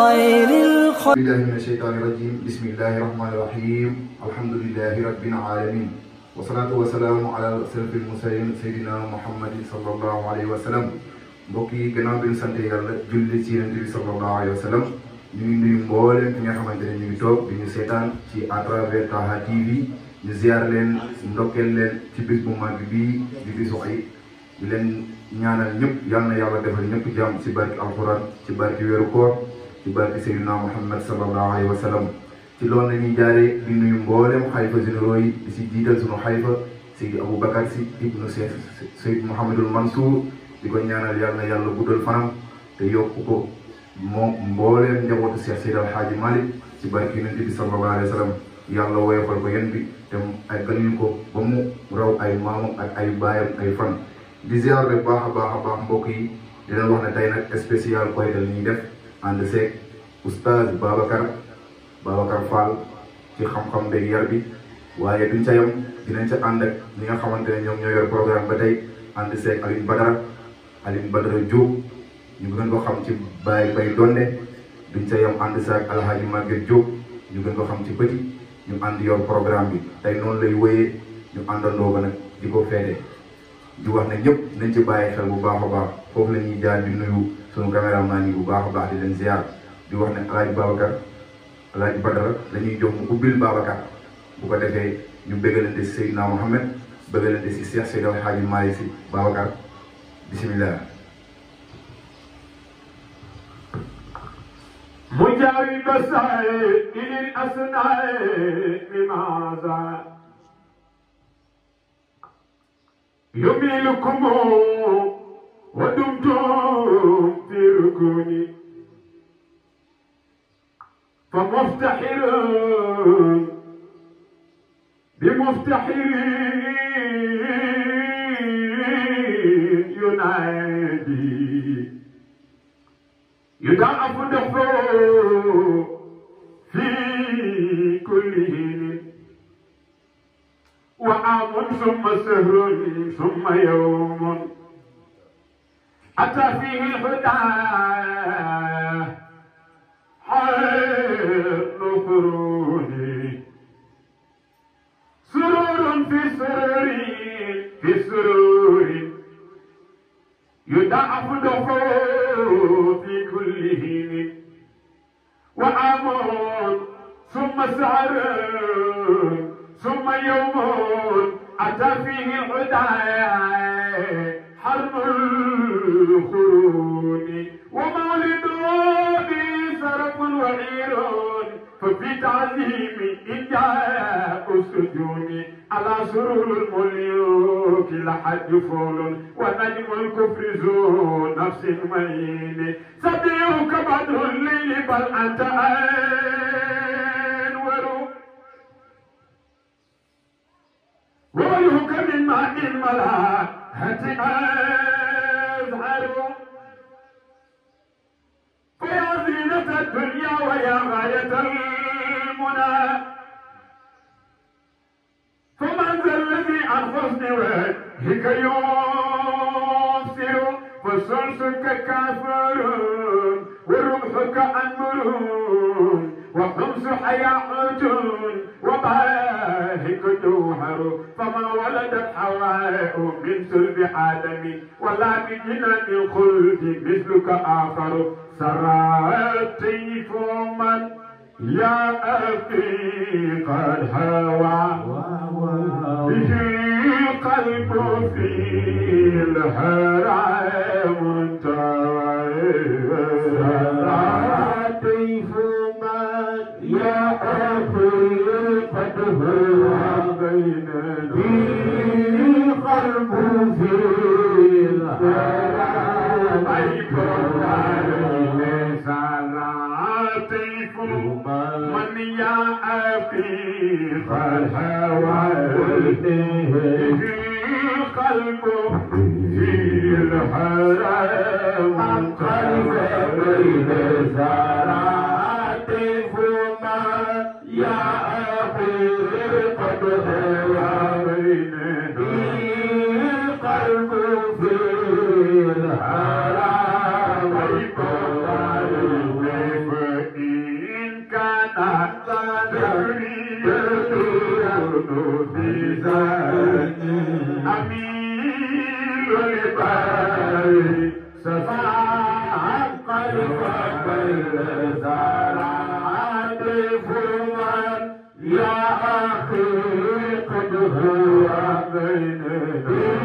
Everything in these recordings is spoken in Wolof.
خير الخلق بالله من الشيطان الرجيم بسم الله الرحمن الرحيم الحمد لله رب العالمين wasalaatu wasalaam ala asrafil mursalin seydina muhammadin sallallahu alayhi wa sallam mbokk yi gannaaw bi ñu sant yàlla julli ci yonent bi sallallahu alayhi wa sallam ñu ngi nuyu mbooleem ki nga xamante ne ñu ngi toog di ñu seetaan ci à travers Taha TV ñu ziar leen ndokkeel leen ci bis bu mag bii di bisu ay di leen ñaanal ñëpp yal na yàlla defal ñëpp jàmm ci barki alxuraan ci barki weeru koor ci barke Seydina Muhammad sallallahu alayhi wa sallam ci loolu la ñuy jaaree di nuyu mboolem xalifa généraux yi si jiital sunu xalifa Seydi Aboubacar Sy ibnu Cheikh Seyd Mouhamadul Mansour di ko ñaanal yàlla na yàlla guddal fanam te yokku ko moom mbooleem njabootu Cheikh Seyd Alhaaji Malick ci barke Yonent bi sallallahu alayhi wa sallam yàlla woyofal ko yan te ay ganuñu ko ba mu raw ay maamam ay baayam ay fan di ziar rek baax a baax a baax mbokk yi dina wax ne tey nag spécial def ànd seeg oustaz Babacar Babacar Fall ci xam-xam beeg yar bi waaye duñ ca yam dinañ ca ànd ak ñi nga xamante ne ñoom ñoo yor ba tey ànd seeg Alioune Badara Alioune Badara Diop ñu ko xam ci Baye Baye Donde duñ ànd seeg Alhaji Maguette Diop ñu gën ci Petit ñu ànd yor programme bi tey noonu lay wéyee ñu àndandoo ba nag di ko feete di wax ne ñëpp nañ ci bàyyi xel bu baax a baax foofu la ñuy jaar di nuyu. sunu caméraman yi bu baax a baax di leen ziar di wax ne alaaji Babacar alaaji Badara la ñuy jox mu ubbil Babacar bu ko defee ñu bëggalante si Seydina Mohamed bëggalante si Cheikh Seydi El Hadji Malick Sy Babacar bisimilah. مجاوب السعيد للأسناء لماذا يميلكم ودمتم تركني فمفتحر بمفتحرين ينادي يضعف دفعه في كل هين وعام ثم سهر ثم يوم أتى فيه الهدى حين قروني سرور في سرور في سرور يضاعف دفوه في كل حين وعام ثم سهر ثم يوم أتى فيه الهدى حرب القرون ومولد بي سرف وعير ففي تعظيم إن جاء السجون على سرور الملوك لحد فول ونجم الكفر ذو نفس مين سبيعك بدر لي بل أنت أنور ويهك من ماء الملاء هتئان تعالوا فيا زينة الدنيا ويا غاية المنى فمن ذا الذي عن حسن وجهك يبصر فالشمس ككافر والرمح كأنبر وقمس حياة وضاهك جوهر فما ولدت حواء من سلب آدم ولا من جنان خلد مثلك آخر سراتيف من يا أخي قد هوى به قلب في الهوى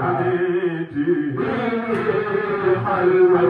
حبيبي حلوة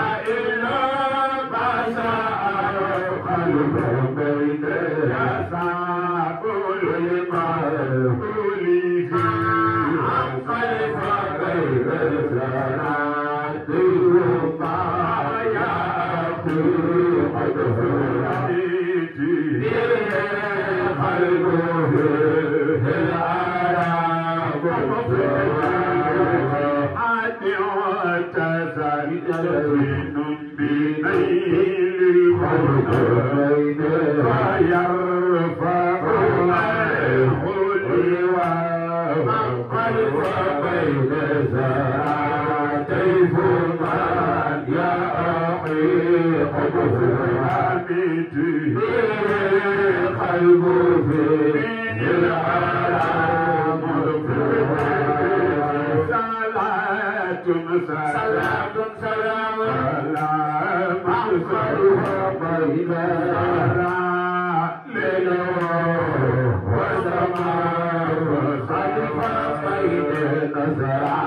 Nazara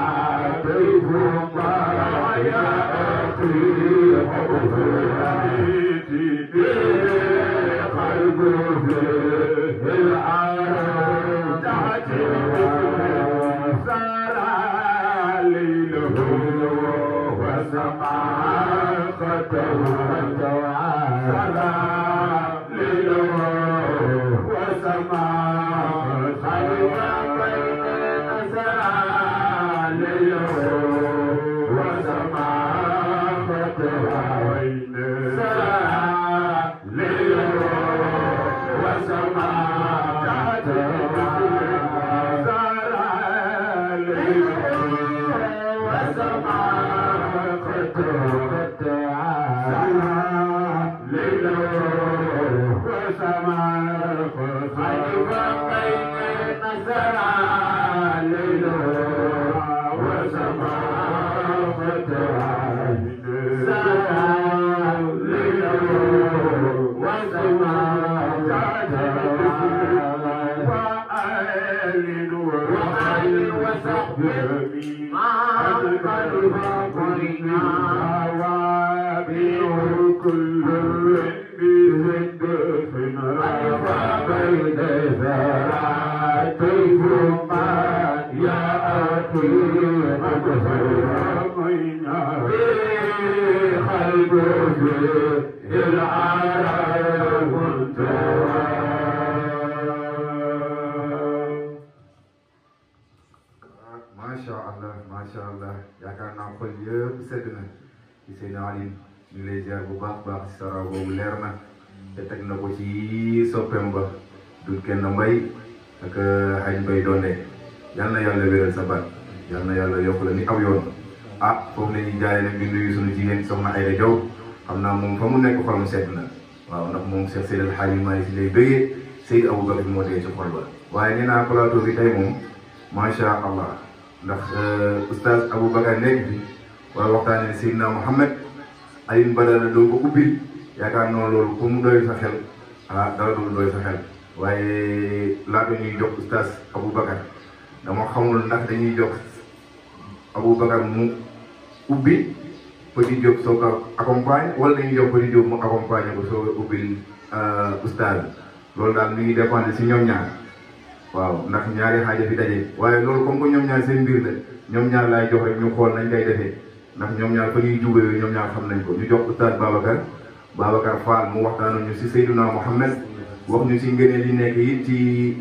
macha allah macha allah yaakaar naa xol yëpp sedd na ci seen alim ñu baax baax si leer na te teg na ko ci mbay ak xaj mbay doone yal na yàlla wéral sa baat yal na yàlla yokk la ni aw yoon ah foofu la ñuy jaay nag di nuyu suñu jigéen soxna Ayda Diaw xam naa moom fa mu nekk xolam sedd na waaw ndax moom Cheikh Seydil Hadji Malick si lay bëggee Seydou Aboubacar moo dee ci xol ba waaye nee naa plateau bi tey moom macha allah ndax euh, oustaz Aboubacar nekk bi wala waxtaanee Seydina Mouhamed Alioune Badara yaakaar naa loolu pour mu doy sa xel ah xamul ndax dañuy jox Aboubacar mu ubbi. Petit Diop soo ko accompagne wala dañuy jox Petit Diop mu accompagné ko soo ko ubbil euh, oustaz bi loolu daal mi ngi dépendre si ñoom ñaar waaw ndax ñaari xaaja fi daje waaye loolu comme que ñoom ñaar seen mbir la ñoom ñaar laay jox rek ñu xool nañ kay defee ndax ñoom ñaar fa ñuy jubee ñoom ñaar xam nañ ko ñu jox oustaz Babacar Babacar Fall mu wax waxtaanoon ñu si Seydouna Mohamed wax ñu si ngëneel yi nekk yi ci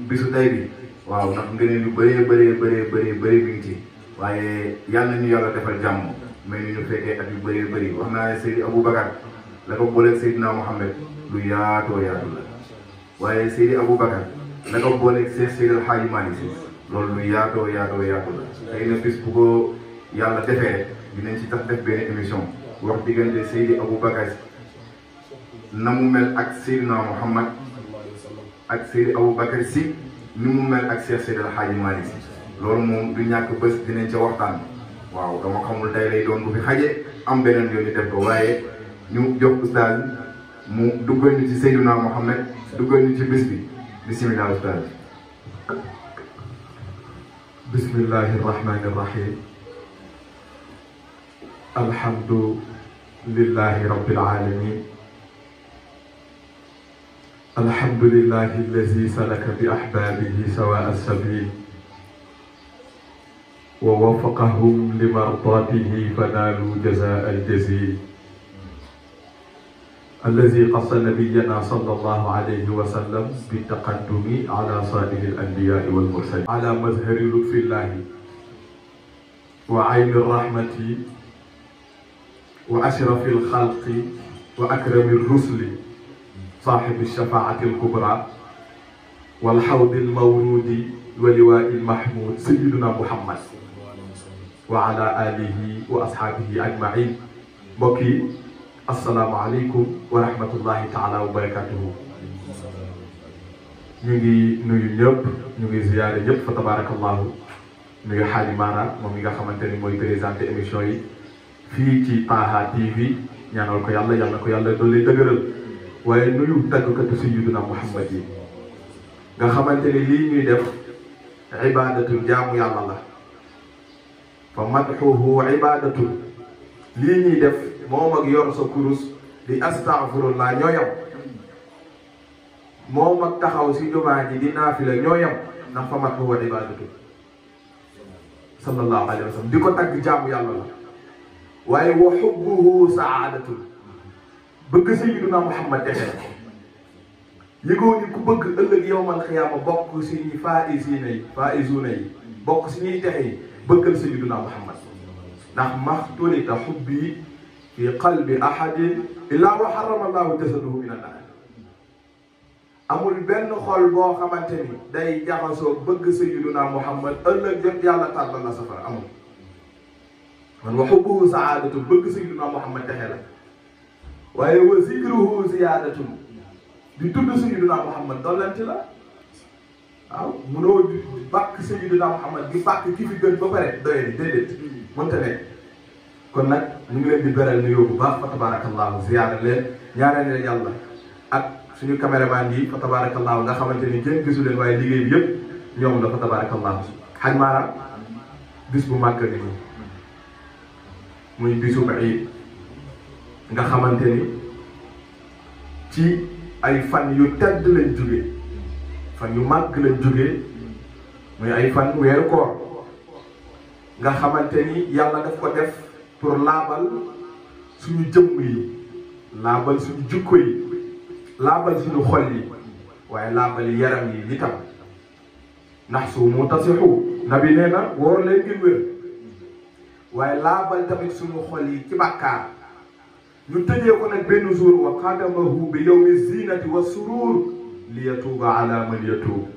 bisu tay bi waaw ndax ngëneel yu bëree bëree bëree bëree bëri mi ci waaye yàlla nañu yàlla defal jàmm may ñu fekkee at yu bëri wax naa ne abu Aboubacar la ko booleeg Seydina Mohamed lu yaatoo yaatu la waaye Seydou Aboubacar la ko booleeg Seex Seydil Xaaji Maalik Si loolu lu yaatoo la. xëy na bis bu ko yàlla émission wax diggante Seydou Aboubacar na mu mel ak Seydina Mohamed ak si ni mu mel ak Seex Seydil Xaaji Maalik Si loolu moom du ñàkk bés dinañ ca waxtaan. waaw dama xamul tay lay doon bu fi xaje am beneen yoon ñu def ko waaye ñu jox oustaz mu duggal ñu ci Seydina muhammad duggal ñu ci bis bi bisimilah oustaz bismillahi irrahmani irrahim alhamdu lillahi rabbil alamin الحمد لله الذي سلك بأحبابه سواء السبيل ووفقهم لمرضاته فنالوا جزاء الجزيل الذي قص نبينا صلى الله عليه وسلم بالتقدم على صادق الأنبياء والمرسلين على مظهر لطف الله وعين الرحمة وأشرف الخلق وأكرم الرسل صاحب الشفاعة الكبرى والحوض المورود ولواء المحمود سيدنا محمد وعلى آله وأصحابه أجمعين بكي السلام عليكم ورحمة الله تعالى وبركاته نجي نجي نجي نجي زيارة نجي فتبارك الله نجي حالي مارا ممي غا خمانتني موي بريزانت اميشوي في تي طاها تي في نيانو الكو يالله يالله كو يالله دولي دقرل وي نجي تكوك تسيدنا محمد غا خمانتني لي نجي دف عبادة جامو يالله فمدحه عبادة ليني دف مومك يرس كروس دي أستغفر الله نيويم مومك تخاو سي جماعي دي نافلة نيويم نفمت هو عبادته صلى الله عليه وسلم دي كنت جام يا الله واي وحبه سعادة بك سيدنا محمد تحيح يقول لك بك يوم القيامة بك سيدنا فائزيني فائزوني بك سيدنا تحيح بكل سيدنا محمد نحمختني تحبي في قلب أحد إلا وحرم الله جسده من النار أم البن خلبا خمتني داي جاسو بق سيدنا محمد ألا جب يا الله تعالى سفر أم من وحبه سعادة بق سيدنا محمد تهلا وهي وزيره زيادة لتبسي سيدنا محمد دلنتلا waaw mënoo bàkk Seydina Muhammad di bàkk ki fi gën ba pare doyee déedéet mënta ne kon nag ñu ngi leen di beral nuyoo bu baax fa tabarakallahu ziyaara leen ñaareel leen yàlla ak suñu caméraman yi fa tabarakallahu nga xamante ni jën gisu leen waaye liggéey bi yëpp ñoom la fa tabarakallahu xaj maanaam bis bu màgg ni muy bisu Iid nga xamante ni ci ay fan yu tedd lañ jógee fan yu màgg lañ jógee muy ay fan weeru koor nga xamante ni yàlla daf ko def pour laabal suñu jëmm yi laabal suñu jukko yi laabal suñu xol yi waaye laabal yaram yi itam ndax su mu tasixu nabi nee na wóor leen ngir wér waaye laabal tamit suñu xol yi ci bàkkaar ñu tëjee ko nag benn jour wa xadamahu bi yawmi zinati wa surur li yatuuba ala man yatuub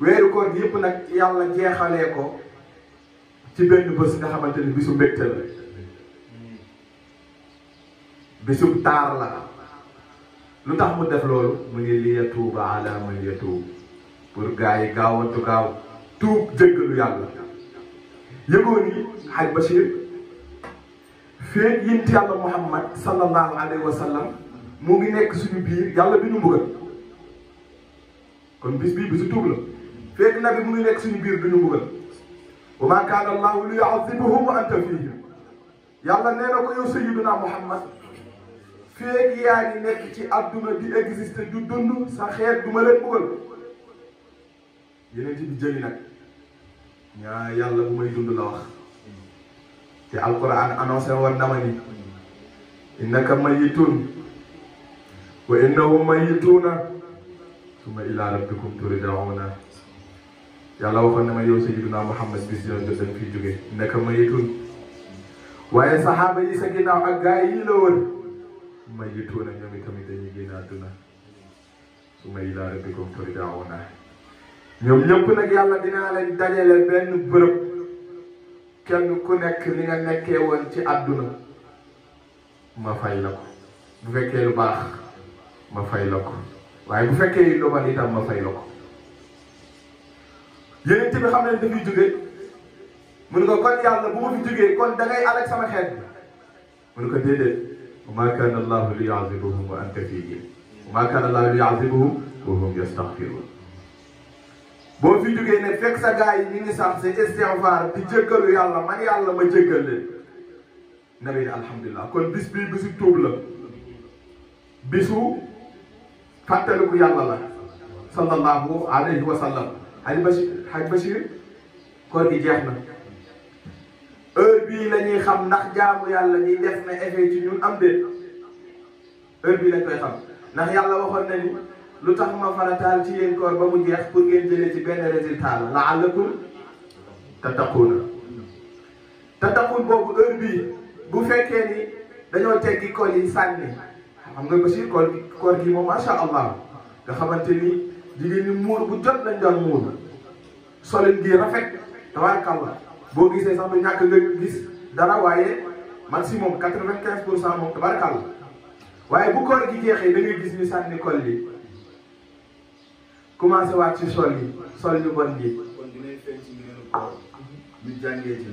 weeru koor yëpp nag yàlla jeexalee ko ci benn bés nga xamante ni bisu mbégte la bisu taar la lu tax mu def loolu mu ngi li yatuuba ala man yatuub pour gars yi gaawantu gaaw tuub jéggalu yàlla yëgoon yi xaj Bachir féeg yint yàlla Muhammad sallallahu alayhi wa sallam mu ngi nekk suñu biir yàlla bi nu mbugal kon bis bii bisu tuub la fekk nabi mu ngi nekk suñu biir bi nu mbugal wa maa kaana allahu li yuazibuhum wa anta fiihim yàlla nee na ko yow sayyiduna muhammad feeg yaa ngi nekk ci adduna di existe du dund sa xeet du ma leen mbugal yeneen ci bi jëli nag ñaa yàlla bu may dund la wax te alquran annoncé woon na ma ni innaka mayitun وإنهم ميتون ثم إلى ربكم ترجعون yàlla waxoon na ma yow sayyiduna Muhammad bis dina jot dañ fiy jóge naka mayitun waaye saxaaba yi sa ginnaaw ak gaa yi la wër mayituuna ñoom itamit dañuy génn àdduna summa ilaa rabbikum turja'uuna ñoom ñëpp nag yàlla dinaa leen dajale benn bërëb kenn ku nekk li nga nekkee woon ci àdduna ma fay la bu fekkee baax. ma fay la ko waaye bu fekkee lobal itam ma fay la ko yonent bi xam ne dafay jóge mu ne ko kon yàlla bu ma fi jógee kon da ngay alak sama xeet bi mu ne ko déedéet ma kaana allahu li yazibuhum wa anta fihim ma kaana allahu li yazibuhum wa hum yastaghfirun boo fi jógee ne fekk sa gars yi ñu ngi sant sa istighfar di jéggalu yàlla man yàlla ma jéggal leen nabi alhamdulilah kon bis bii bisu tuub la bisu كاتل يا الله صلى الله عليه وسلم حاج بشير حاج بشير كور دي جيخنا اور بي لا ني خام ناخ جامو يالا ني ديف نا افي تي نون ام دي اور بي لا نحن خام ناخ يالا واخون ناني لوتاخ ما فراتال تي لين كور بامو جيخ بور ген جيلي تي بن ريزولتا لعلكم تتقون تتقون بوبو اور بي بو فكيني دانيو تيكي كولي ساني xam nga Bachir koor gi gi moom macha allah nga xamante ni jigéen ñi muur bu jot lañ doon muur solin gi rafet tabarakallah boo gisee sax du ñàkk nga gis dara waaye maximum quatre-vingt-quinze pour cent moom tabarakallah waaye bu koor gi jeexee da ngay gis ñu sànni kol yi commencé waat ci sol yi sol yu bon yi. kon dinañ feeñ ci mbirum koor ñu jàngee ci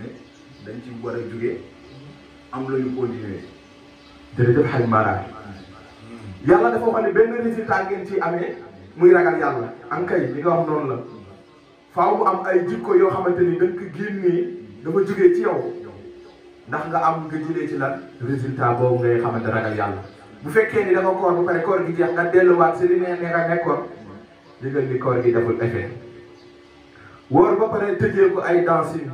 dañ ci war a jugee am la ñu continuer. jërëjëf xaj Mara. yàlla dafa wax ne benn résultat ngeen ci amee muy ragal yàlla am kay li nga wax noonu la faaw mu am ay jikko yoo xamante ni dañ ko génnee dafa jugee ci yow ndax nga am nga jëlee ci lan résultat boobu ngay xamante ragal yàlla bu fekkee ni dafa koor bu pare koor gi jeex nga delluwaat si li ne nga nekkoon digal ni koor gi deful effet wóor ba pare tëjee ko ay dansin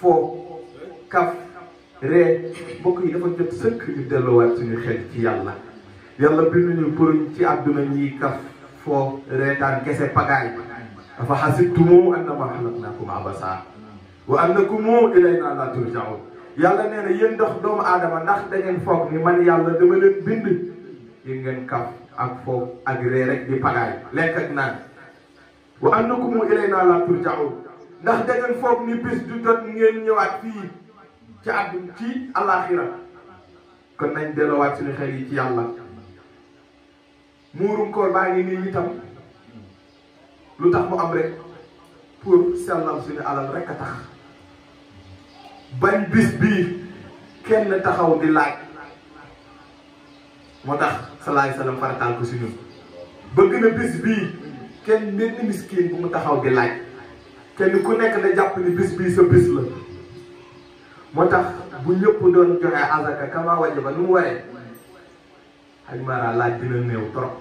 foo kaf ree mbokk yi dafa jot sëkk ñu delluwaat suñu xel ci yàlla yàlla binduñu pour ci àdduna ñiy kaf foo reetaan kese pagaay dafa xasibtum annama xalaqnaakum abasa wa annakum ilaynaa laa turja'uun yàlla nee na dox doomu aadama ndax da ngeen foog ni man yàlla dama leen bind yi ngeen kaf ak foog ak ree rek di pagaay lekk ak naan wa annakum ilaynaa laa turja'uun ndax da ngeen foog ni bis du jot ngeen ñëwaat fii ci àdduna ci àllaaxira kon nañ delluwaat suñu xel yi ci yàlla muurum koor baa ngi nii itam lu tax mu am rek pour sellal suñu alal rek a tax bañ bis bii kenn taxaw di laaj moo tax salaay salaam farataal ko si bëgg na bis bii kenn benn miskiin bu mu taxaw di laaj kenn ku nekk na jàpp ni bis bii sa bis la moo tax bu ñëpp doon joxe azaka kama wajaba nu mu waree ak maanaam laaj dina néew trop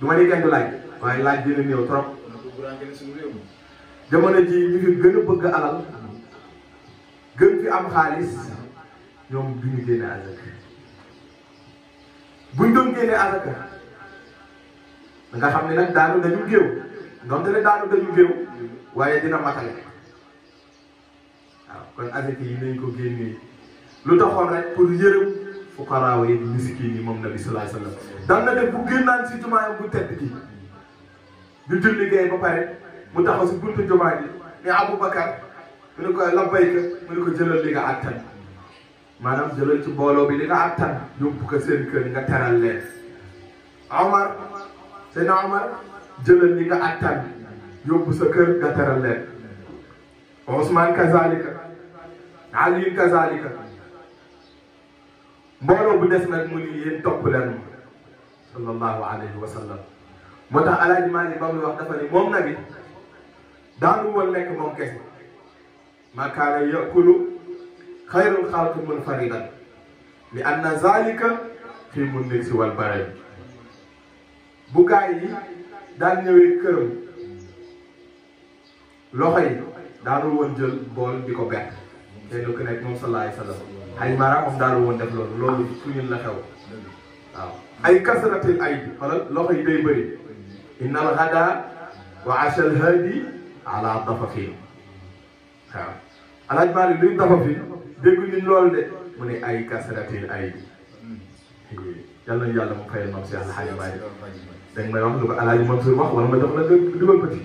du ma ni kenn laaj waaye laaj dina néew trop. jamono ji ñu fi gën a bëgg alal gën fi am xaalis ñoom du ñu génne azaka buñ doon génne azaka nga xam ne nag daanu dañu géew donte ne daanu dañu géew waaye dina matale waaw kon azaka yi nañ ko génnee lu taxoon rek pour yërëm. fukaraaw yi miskin yi moom nabi sallallahu alayhi wasallam daan na def bu génnaan si jumaayam bu tedd gi ñu julli gay ba pare mu taxaw si buntu jumaa ji ne Aboubacar mu ne ko labbayka ko jëlal li nga àttan maanaam jëlal ci mbooloo bi li nga àttan yóbbu ko seen kër nga teral leen Omar seen Omar jëlal li nga àttan yóbbu sa kër nga teral leen Ousmane kazalika Ali kazalika mbooloo bu des nag mu ni yéen topp leen ma sallallahu alayhi wa sallam moo tax alaaji maa ni ba muy wax dafa ni moom nabi daanu woon lekk moom kese ma kaana yakulu xayrul xalqi munfaridan li anna zalika fii mu nekk si wal bare bu gaay yi daan ñëwee këram loxo yi daanul woon jël bool di ko bett te lu ko nekk moom sallallahu alayhi wa sallam هاي ما رام أفضل من دبلون لون سوين لخو أي كسرة الأي خلاص لقى يبي بي إنما هذا وعش الهادي على الضفافين أنا أجمع لي الضفافين بيقول لي لون ده من أي كسرة الأي يلا يلا مفاي المسيا الحياة باي دعما يوم لقى على جمال سرمه ولا ما دخلنا دبل بتي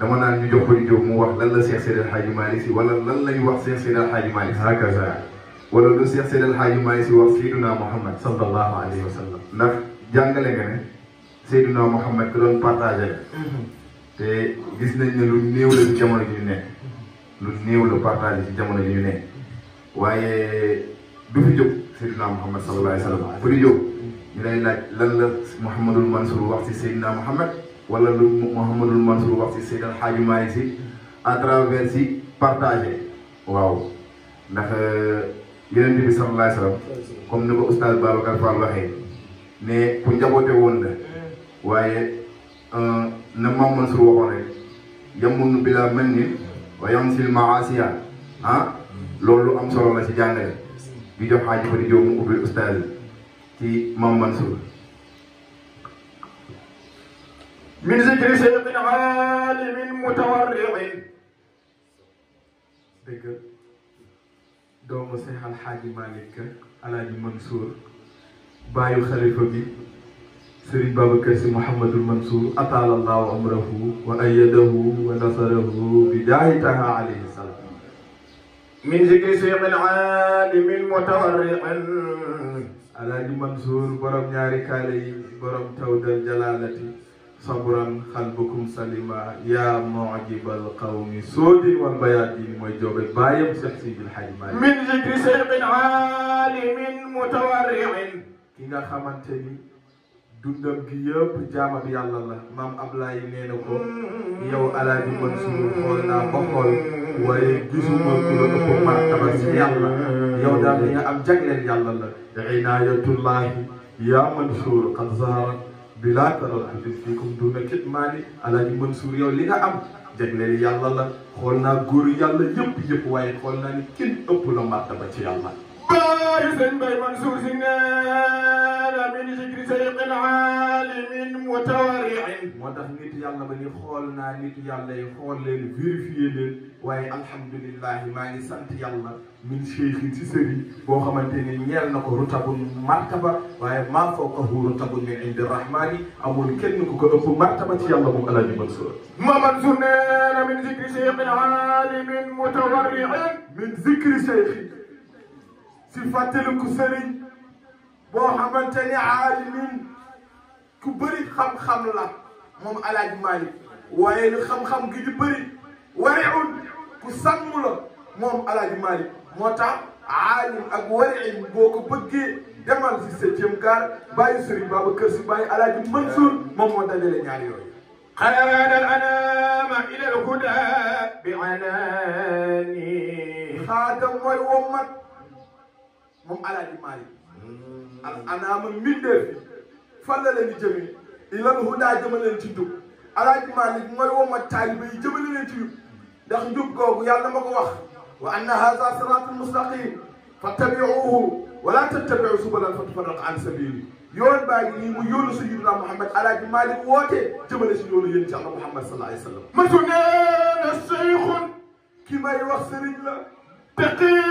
dama naan ñu jox koy jóg mu wax lan la Cheikh Seydi El Hadji Malick Sy wala lan lañ wax Cheikh Seydi El Hadji Malick Sy hakaza wala lu Cheikh Seydi El Hadji Malick Sy wax Seydina Mouhamed sallallahu alayhi wa sallam ndax jàngale nga ne Seydina Mouhamed ko doon partagé mhm. te gis nañ ne lu néew la ci jamono ji ñu nekk lu néew la partagé ci jamono ji ñu nekk waaye du fi jóg Seydina Mouhamed sallallahu alayhi wa sallam du fi jóg ñu lay laaj lan la Mouhamadul Mansour wax si Seydina Mouhamed wala lu Mouhamadul Mansour wax si Seydal Hadji Malick si à travers si partagé waaw ndax euh, yeneen bi sallallahu alayhi comme ni ko oustaz Babacar Fall waxee ne ku njaboote woon la waaye euh, na Mame Mansour waxoon rek yamunu bila mel ni wa yamsil maasiya ah loolu am solo la si jàngale bi jox xaaji fa di jow mu ubbil oustaz ci Mame Mansour من ذكر شيخ عالم متورق ذكر دوم سيح الحاج مالك الحاج منصور بايو خليفة بي سيد بابا كرسي محمد المنصور أطال الله عمره وأيده ونصره بداية تها عليه السلام من ذكر شيخ عالم متورق الحاج منصور برم ناري كالي برم تودر جلالتي sabran xalbukum salima yaa mujibal qawmi soodin wal bayaatin mooy joobe bàyyam Seex Sidil Hajji Maalik min zikri seyxin aalimin mutawarriin ki nga xamante ni dundam gi yëpp jaamam yàlla la maam Ablaye nee na ko yow Alaaji Mansuur xool naa ba xool waaye gisuma ku la ëpp martaba si yàlla yow daal li nga am jagleel yàlla la. inaayatullaahi yaa Mansuur qad zaharat bi laa taloon ak fii comme duna kitmaani alaaji Mansour yow li nga am jagleel yàlla la xool naa góoru yàlla yëpp yëpp waaye xool naa ni kenn ëpp la martaba ci yàlla بارز بين منصور سنان من ذكر سيق العالم متوارع moo tax nit yàlla ba ni xool naa nit yàlla yi xool leen vérifié leen waaye alhamdulilah maa ngi sant yàlla min cheikhin si sëriñ boo xamante ni ñeel na ko rutabun martaba waaye maa fawqahu rutabun min indi rahmani amul kenn ku ko ëpp martaba ci yàlla moom alaaji Mansour ma Mansour nee na min zikri cheikhin alimin mutawarriin min zikri cheikhin سيفاتلو كسرين بو حمانتاني عالمين كبري خم خم لا مم على جمالي وين خم خم جدي بري ورعون كسامولا مم على جمالي موتا عالم اك ورعين بو كبقي دمال سي سيتيم كار باي سري بابا كرسي باي على منصور مم مم دادي لنياري يوي خيران الانام الى الهدى بعناني خادم ويومك moom alaaji Maalik al anaama mbindeef bi fan la leen di jëmee ilal hudaa jëma leen ci njub alaaji Maalik mooy woma taaliba yi jëmale leen ci njub ndax njub googu yàlla ma ko wax wa anna haza siraatul mustaqim fattabiuhu wala tattabiu subula fatafaraqa an sabili yoon baa ngi nii mu yóolu sayyidina Muhammad alaaji Maalik woote jëmale si yoonu yéen ci Allah Muhammad sallallahu alayhi wa sallam matu nee na seyxun ki may wax sëriñ la تقيم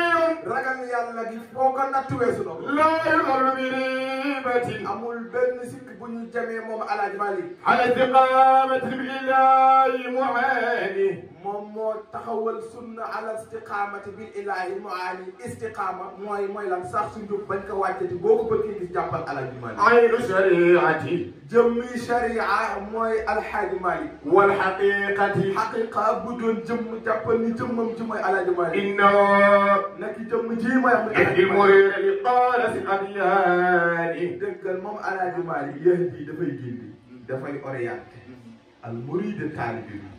ragal yàlla gi foo ko natt weesu na ko. laa yuxalu bi riibatin. amul benn sikk bu ñu jamee moom Alaaji Maalik. ala istiqaamati bi ilaahi muaani. moom moo taxawal sunna ala istiqaamati bi ilaahi muaani istiqaama mooy mooy lan sax su njub bañ ko wàccati boo ko bëggee gis jàppal Alaaji Maalik. aynu shariati. jëmmi sharia mooy Alaaji Maalik. wal xaqiqati. xaqiqa bu doon jëmm jàppal ni jëmmam ci mooy Alaaji Maalik. inna nekk jëmm ji mooy am. indi mooy li qaala si adlaani. dëggal moom alaaji Maalik yahdi dafay gindi dafay orienté. al muriid taalibe bi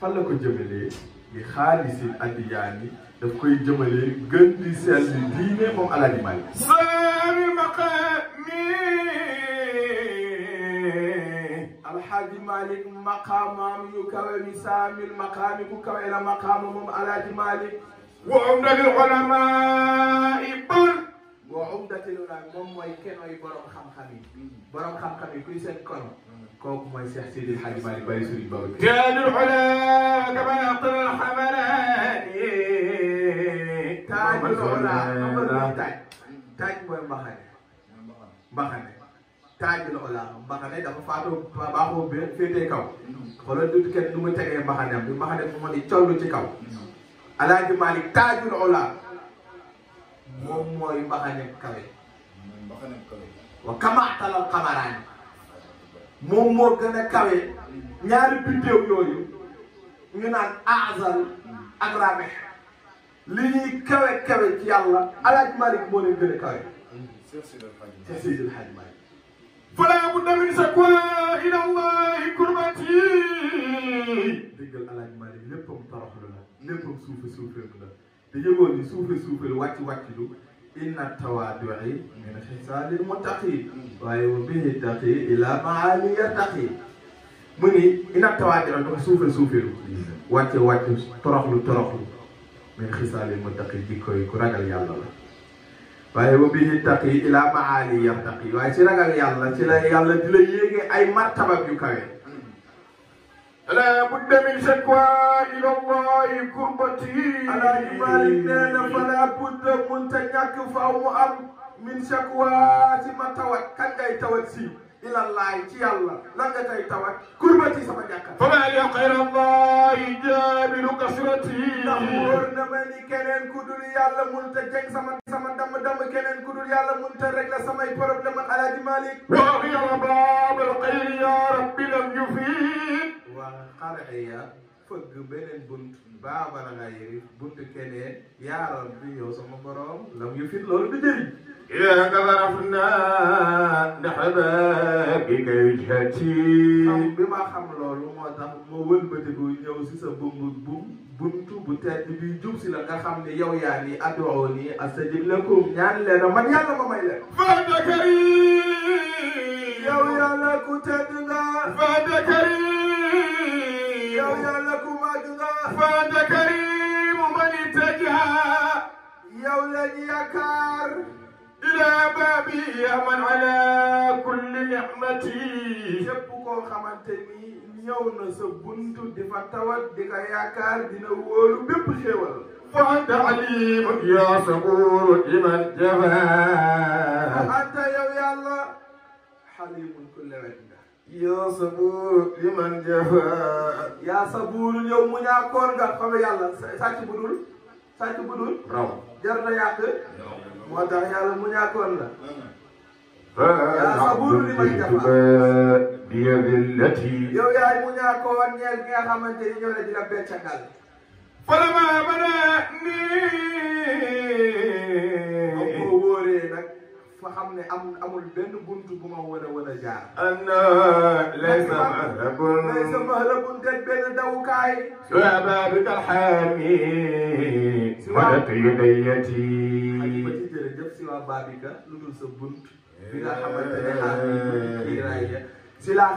fan la ko jëmalee bi xaalisil daf koy jëmalee gën di sell diine moom alaaji Maalik. saami maqaami. alxaaji Maalik maqaamaam yu kawe mi saamil maqaami ku kawe la maqaama moom alaaji Maalik وعمدة العلماء بر وعمدة العلماء moom mooy kenooy borom xam-xam yi borom kono kooku mooy Cheikh Sidi El Hadji Malick Baye Serigne Baba تاج العلا كما يعقل الحملاني تاج العلا taaj taaj mooy mbaxane mbaxane taajul ola mbaxane dafa faatu baaxoo ci kaw alaaji malik tajul ola mom moy mbaxane kawe wa kamaatalal xamaraani qamaran mom mo gëna kawe ñaari biddew yooyu ñu naan azal ak ramex li ñi kawe kawe ci yàlla alaaji malik mo le gëna kawe te Seydil Hadji فلا بد من سكوى الى الله كربتي ديغال الاج مالك ليبم طرح نبوم سوف سوف يقول تيجون دي سوف سوف الوقت وقتلو إن التواضع من حسال المتقي ويو به التقي إلى معالي التقي مني إن التواضع من سوف سوف الوقت وقت ترخلو ترخلو من خصال المتقي ديكوي كرجل يالله ويو به التقي إلى معالي التقي ويسرق يالله سرق يالله دلوقتي أي مرتبة بيكوي لا بد من شكوى إلى الله كربتي على إبال فلا بد من تنك فأو أم من شكوى ما توكل توكسي ilallaay ci yàlla lan ka tey tawat kurbati sama jàkka fa maa li xayrallahi jaamilu kasrati ndax wóor na ma ni keneen ku dul yàlla mun te jeg sama sama damm damm keneen ku dul yàlla mun te régler samay problème ak alaaji Malick waaxiyala baabal xayri ya rabbi lam yufiid waa xaraya fëgg beneen bunt baabal nga bunt keneen yaa rabbi yow sama borom lam yufiid loolu du jëriñ التي xam bi ma xam loolu moo tax ma wëlbatiku ñëw si sa bungu bu buntu bu tedd jub si la nga xam ne yow yaa ni ni astajib lakum ñaan leen man yàlla ma may leen fadakari yow yàlla ku tedd nga fadakari yow yàlla ku mag nga fadakari mu mani tëja yow إلى بابي يا من على كل نعمتي شبكو خمانتني نيو نسبنتو دفتوات ديكا ياكار دينا وولو ببخيوال فأنت عليم يا صبور إما الجفا أنت يا يا الله حليم كل عندنا يا صبور إما الجفا يا صبور يوم يا كورغا خويا الله ساتي بدول ساتي بدول جرنا يا نعم moo tax yàlla mu ñàkkoon la yaa saburu li man jafa yow yaay mu ñàkkoon ñeel ki nga xamante ni ñoo ne dina beccangal falamaa bana ni ko wóoree nag fa xam ne am amul ma war yudayati. sa bunt. bi nga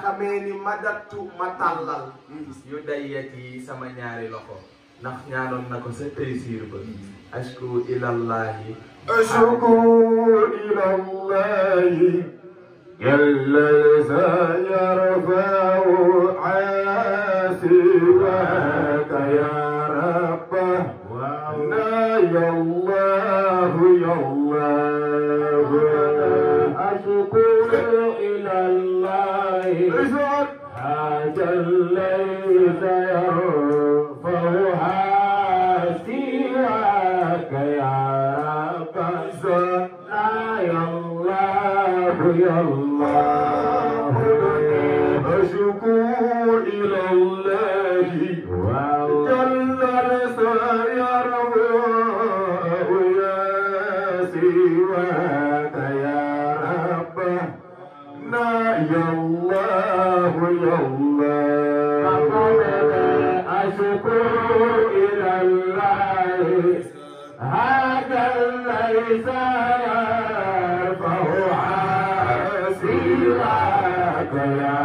xamante ne sama ñaari loxo. ndax na ko sa tey siir ba. ashku ilallahi أشكو إلى الله جل سيرفع عاسبك يا رب وعنا يا الله يا الله أشكو إلى الله حاجة ليس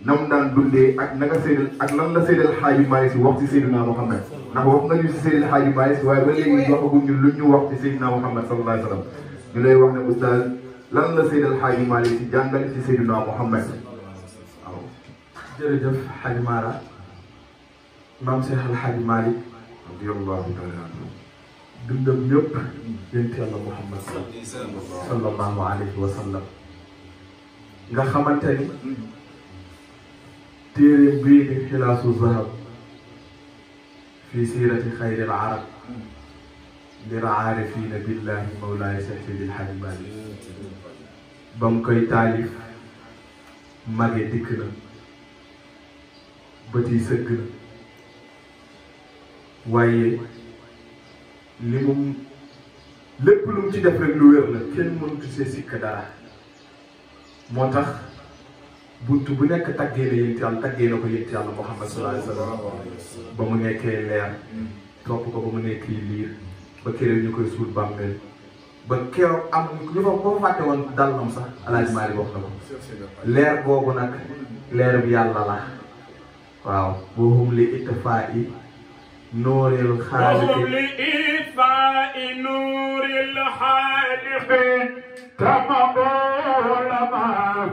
na mu daan dundee ak na nga seedal ak lan la seedal xaaji Maalik si wax ci Seydina Muhammad ndax wax nga ñu si seedal xaaji Maalik si waaye ba léegi waxaguñ ñu lu ñu wax ci Seydina Muhammad sallallahu alayhi wa sallam ñu lay wax ne oustaz lan la seedal xaaji Maalik si jàngal ci Seydina Muhammad waaw jërëjëf xaaji Mara maam Seex al dundam ñëpp nga xamante تير بيد خلاص الذهب في سيرة خير العرب للعارفين بالله مولاي سحفيد الحلماني بمكي تعليف مغي ديكنا بتي سجنا واي لمم لبلوم تي دفرق لويرنا كل من تسيسي كدارا موتخ bunt bu nekk taggee na yéen yàlla taggee na ko yéen yàlla Muhammad sallallahu mu nekkee leer topp ko ba mu nekk liir ba keroog ñu koy suul bàmmeel ba keroog am ñu fa ko fàtte woon dallam sax alaaji Maali wax na leer boobu nag leer yàlla la waaw boo hum li ittifaa i nuuril xaaliqi tama boo la ma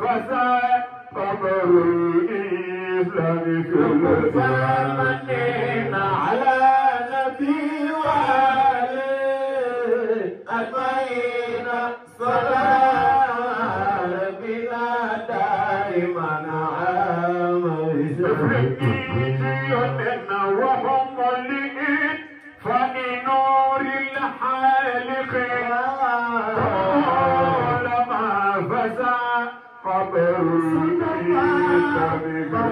fasaa قمر الإسلام في المدينة على نبي وآله أتينا صلاة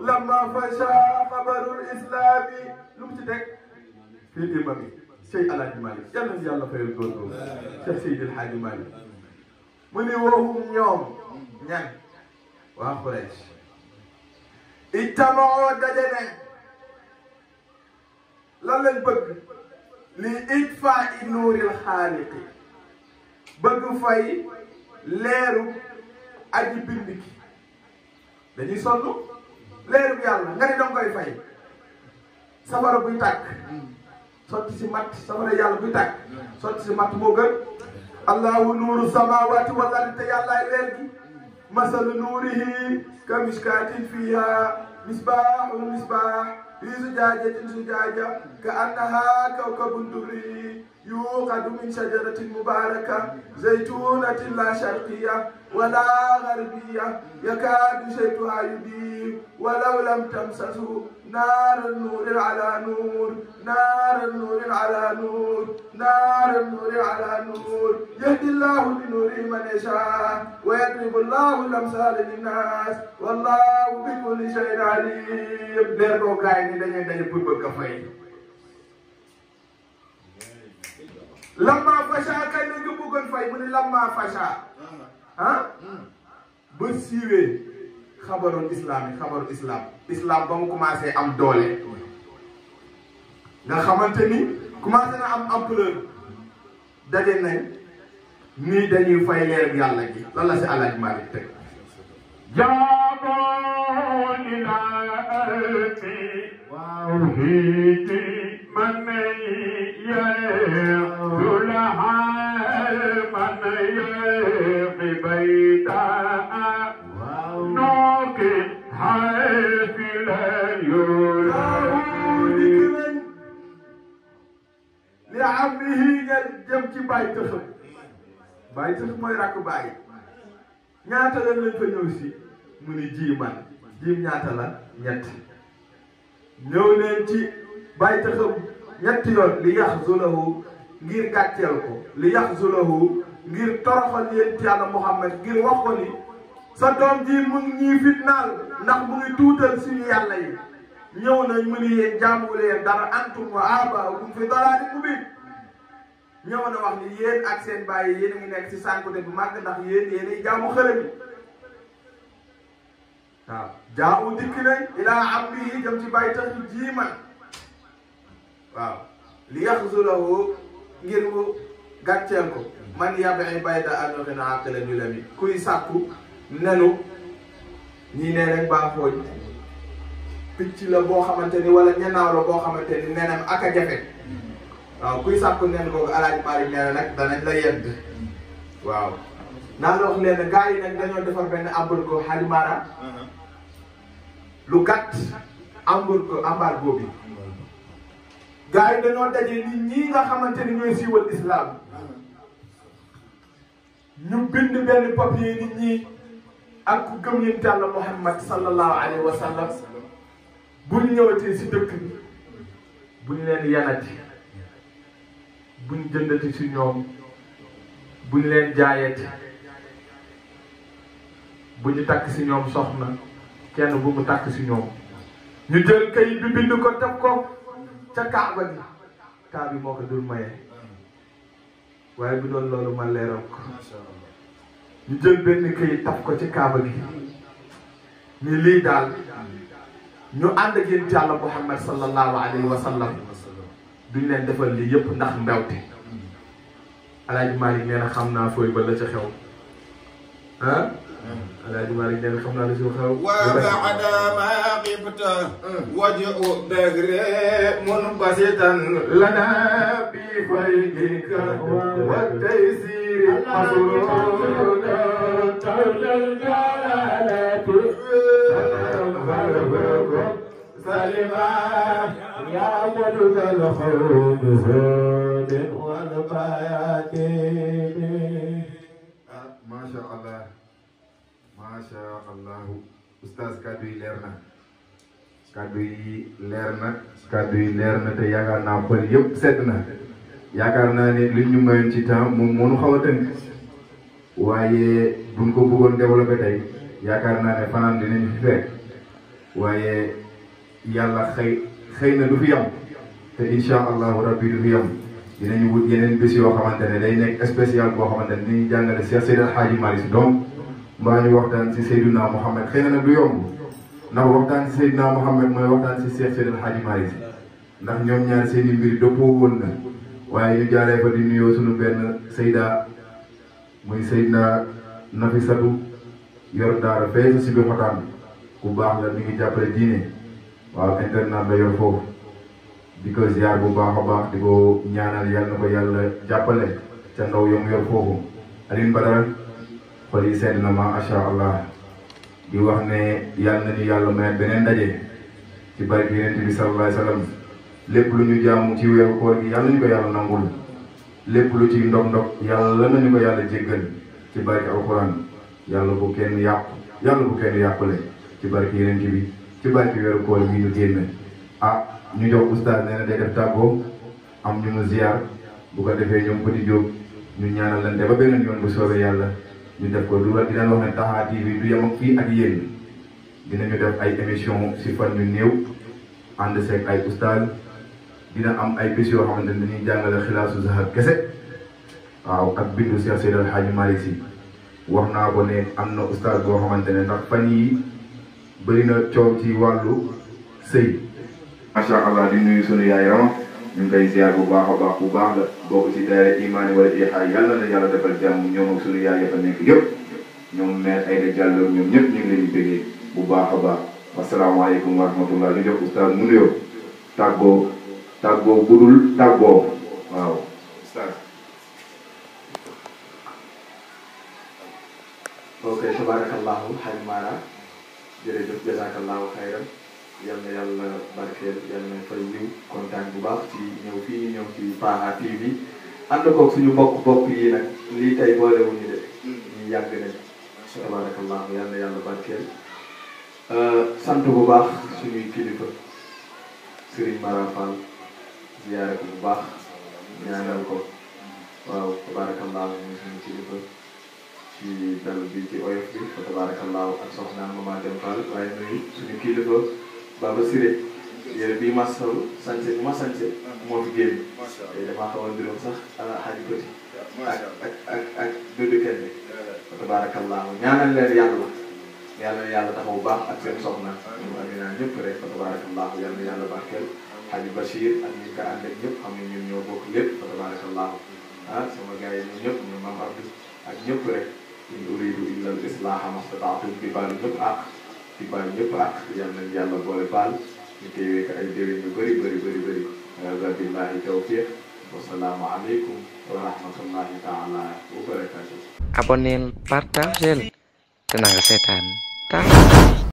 لما فشا خبر الإسلام lu mu ci teg fii imami Seydi Alaaji Maalik yàlla na yàlla fayal góorgóorlu Cheikh mu ni woohum ñoom ñan waa Quraysh ijtamaa daje ne bëgg li itfaa i nuuril xaaliqi bëgg fay leeru aji bind ki dañuy sonn leeru yàlla nga ne danga koy fay safara buy tàkk sotti si matt safara yàlla a tàkk sotti si matt moo gën allahu nuuru samaawaati wal ardi te yàllaay leer gi masalu nuurihi ka miskaatin fiiha misbaahun misbaah fii zujaajatin zujaaja ka annahaa kawkabun durri يوقد من شجرة مباركة زيتونة لا شرقية ولا غربية يكاد زيتها يبيب ولو لم تمسسه نار النور على نور نار النور على نور نار النور على نور يهدي الله لنوره من يشاء ويضرب الله الأمثال للناس والله بكل شيء عليم. Lamma Facha kañ la nga bëggoon fay mu ne Lamma Facha ah. ah ba siiwee xabaroon islam yi xabaru islam ba mu commencé am doole nga xamante ni commencé na am ampleur daje nañ nii dañuy fay leer yàlla gi lan si alaaj Malick teg jaaboo ila arti waaw hiiti man nay xam ne yii ngeen jëm ci bàyyi tëxam bàyyi tëxam mooy rakk bàyyi ñaata lan lañ fa ñëw si mu ni jii man jii ñaata la ñett ñëw leen ci bàyyi tëxam ñetti yoon li yax zulahu ngir gàcceel ko li yax zulahu ngir toroxal yéen yàlla Muhammad ngir wax ko ni sa doom ji mu ngi ñuy fitnaal ndax mu ngi tuutal suñu yàlla yi ñëw nañ mu ni yéen jaamu dara antum wa abaakum fi dalaalin mubiin ñoo mën a wax ni yéen ak seen bàyyi yéen a ngi nekk ci sànkute bu màgg ndax yéen yéenay jaamu xërëm yi waaw jaamu dikk nañ ilaa abdihi jëm ci bàyyi tax jii man waaw li yaxzulahu ngir mu gàcceel ko man yabai bayda anoxina àqila ñu la mi kuy sàkku nenu ñii nee rek baa fooñ picc la boo xamante ni wala ñenaaw la boo xamante ni nenam ak a jafe waaw kuy sàkku neen kooku alaaj Malick nee na nag danañ la waaw naa la wax leen gars yi nag dañoo defar benn embargo xalimara lu gàtt embargo embargo bi gars yi dañoo dajee ni ñii nga xamante ni ñooy siiwal islam ñu bind benn papier nit ñi ak ku gëm yéen Yàlla Muhammad sallallahu alayhi wa sallam buñ ñëwatee si dëkk bi buñ leen yanati bu ñu jëndati si ñoom buñ leen jaayeeti bu ñu takk si ñoom soxna kenn bu mu takk si ñoom ñu jël kayi bi bind ko teg ko ca kaaba gi kaa moo ko dul maye waaye bu doon loolu ma leeral ko ñu jël benn kayit taf ko ci kaaba gi ñu lii daal ñu ànd a yéen ci yàlla Muhammad sallallahu alayhi wa duñ leen defal lii ndax mbewte alaaji Malick nee na naa fooy ba la ca xew ah alaaji Malick nee na xam naa la ca xew wa baada ma xibta waju dagre mun basitan lana bi faydika wa taysiri asuruna tawlal jalalati سلما يا ولد الخوف هود والبياتين ما شاء الله ما شاء الله Oustaz kaddu yi leer na kaddu yi leer na kaddu yi leer na te yaakaar naa pël yëpp sedd na yaakaar naa ne li ñu mayoon ci temps moom moo ñu xaw a tënk waaye buñ ko bëggoon développé tey yaakaar naa ne fanaan dinañ fi fekk waaye yàlla xëy xëy na du fi yam te incha allahu rabbi du fi yam dinañu wut yeneen bés yoo xamante day nekk spécial boo xamante ne dinañ jàngale Cheikh Seydi El Hadji Malick Sy donc mbaa ñu waxtaan si Seydina Mohamed xëy na nag du ndax ñoom ñaar seen mbir dëppoo woon na waaye ñu jaaree fa di nuyoo suñu benn Seyda muy Seyda Nafisatu yor daara fee si biir xotaan ku baax la mi jàppale diine. waaw internat ba yor foofu di ko ziar bu baax a baax di ko ñaanal yàlla na ko yàlla jàppale ca ndaw yom yor foofu Alioune Badara xol yi sedd na macha allah di wax ne yàlla na ñu yàlla may beneen ndaje ci barke yonent bi sallallahu alayhi wasallam lépp lu ñu jaamu ci weeru koor gi yàlla ñu ko yàlla nangul lépp lu ci ndog ndog yàlla na ñu ko yàlla jéggal ci barke alquran yàlla bu kenn yàqu yàlla bu kenn yàqule ci barke yonent bi ci barki weeru koor yi ñu génn ah ñu jox oustaz nee na def tàggoo am ñu mu ziar bu ko defee ñoom petit Diop ñu ñaanal leen de ba beneen yoon bu soobee yàlla ñu def ko du di leen wax ne Taha TV du yem ak fii ak yéen def ay émission si fan yu néew ànd ay oustaz dina am ay bés yoo xamante ne dañuy jàngale xilaasu zahab kese waaw ak bindu Cheikh Seydal Hadji Malick Sy wax naa ko am na oustaz boo xamante ndax fan yi bëri na coow ci wàllu sëy macha allah di nuyu sunu yaay Rama ñu ngi koy ziar bu baax a baax bu baax la bokk ci daayira imaani wala ixaay yàlla na yàlla defal jàmm ñoom ak sunu yaay ya fa nekk yëpp ñoom maire Aïda Diallo ñoom ñëpp ñu ngi leen di bëggee bu baax a baax asalaamaaleykum wa rahmatullah ñu jox oustaz mu nuyoo tàggoo tàggoo budul tàggoo waaw oustaz ok tabarakallahu xaj maara jërëjëf jazakallahu ya yal na yàlla barkeel yal na fay yiw kontaan bu baax ci ñëw fii ñu ñëw ci Paxa TV ànd koog suñu mbokk-mbokk yi nag lii tey boolewuñu de ñu yàgg nañ tabarakallahu yal na yàlla barkeel euh, sant bu baax suñuy kilifa Serigne Mara Fall ziyaare ko bu baax ñaanal ko waaw tabarakallahu suñu kilifa ci dal bi ci oyof bi fa tabaarakallaahu ak soxnaam mama dem Fall waaye nuyu suñu kilifa Baba Siré yére bii ma sol sañse bi ma sañse moo fi génn te eh, damaa xaw a nduróom sax alaaji Petit ak ak ak ak Doudou Kende eh. fa tabaarakallaahu ñaanal leen yàlla yàlla yàlla taxaw baax ak seen soxna ñoom Amina ñëpp rek fa tabaarakallaahu yàlla yàlla barkeel Haji Bachir ak ñi ko ànd ak ñëpp xam ne ñun ñoo bokk lépp fa tabaarakallaahu ah sama gars yi ñun ñëpp ñoom Mame Abdou ak ñëpp rek in illal illa al islaha mastata'tu di baal ñëpp ak ah, di baal ñëpp ak yal nañ yàlla boole baal ñu teewee ko ay déwén yu bëri bëri bëri taala wabarakatuh Abonin partai partageel te na nga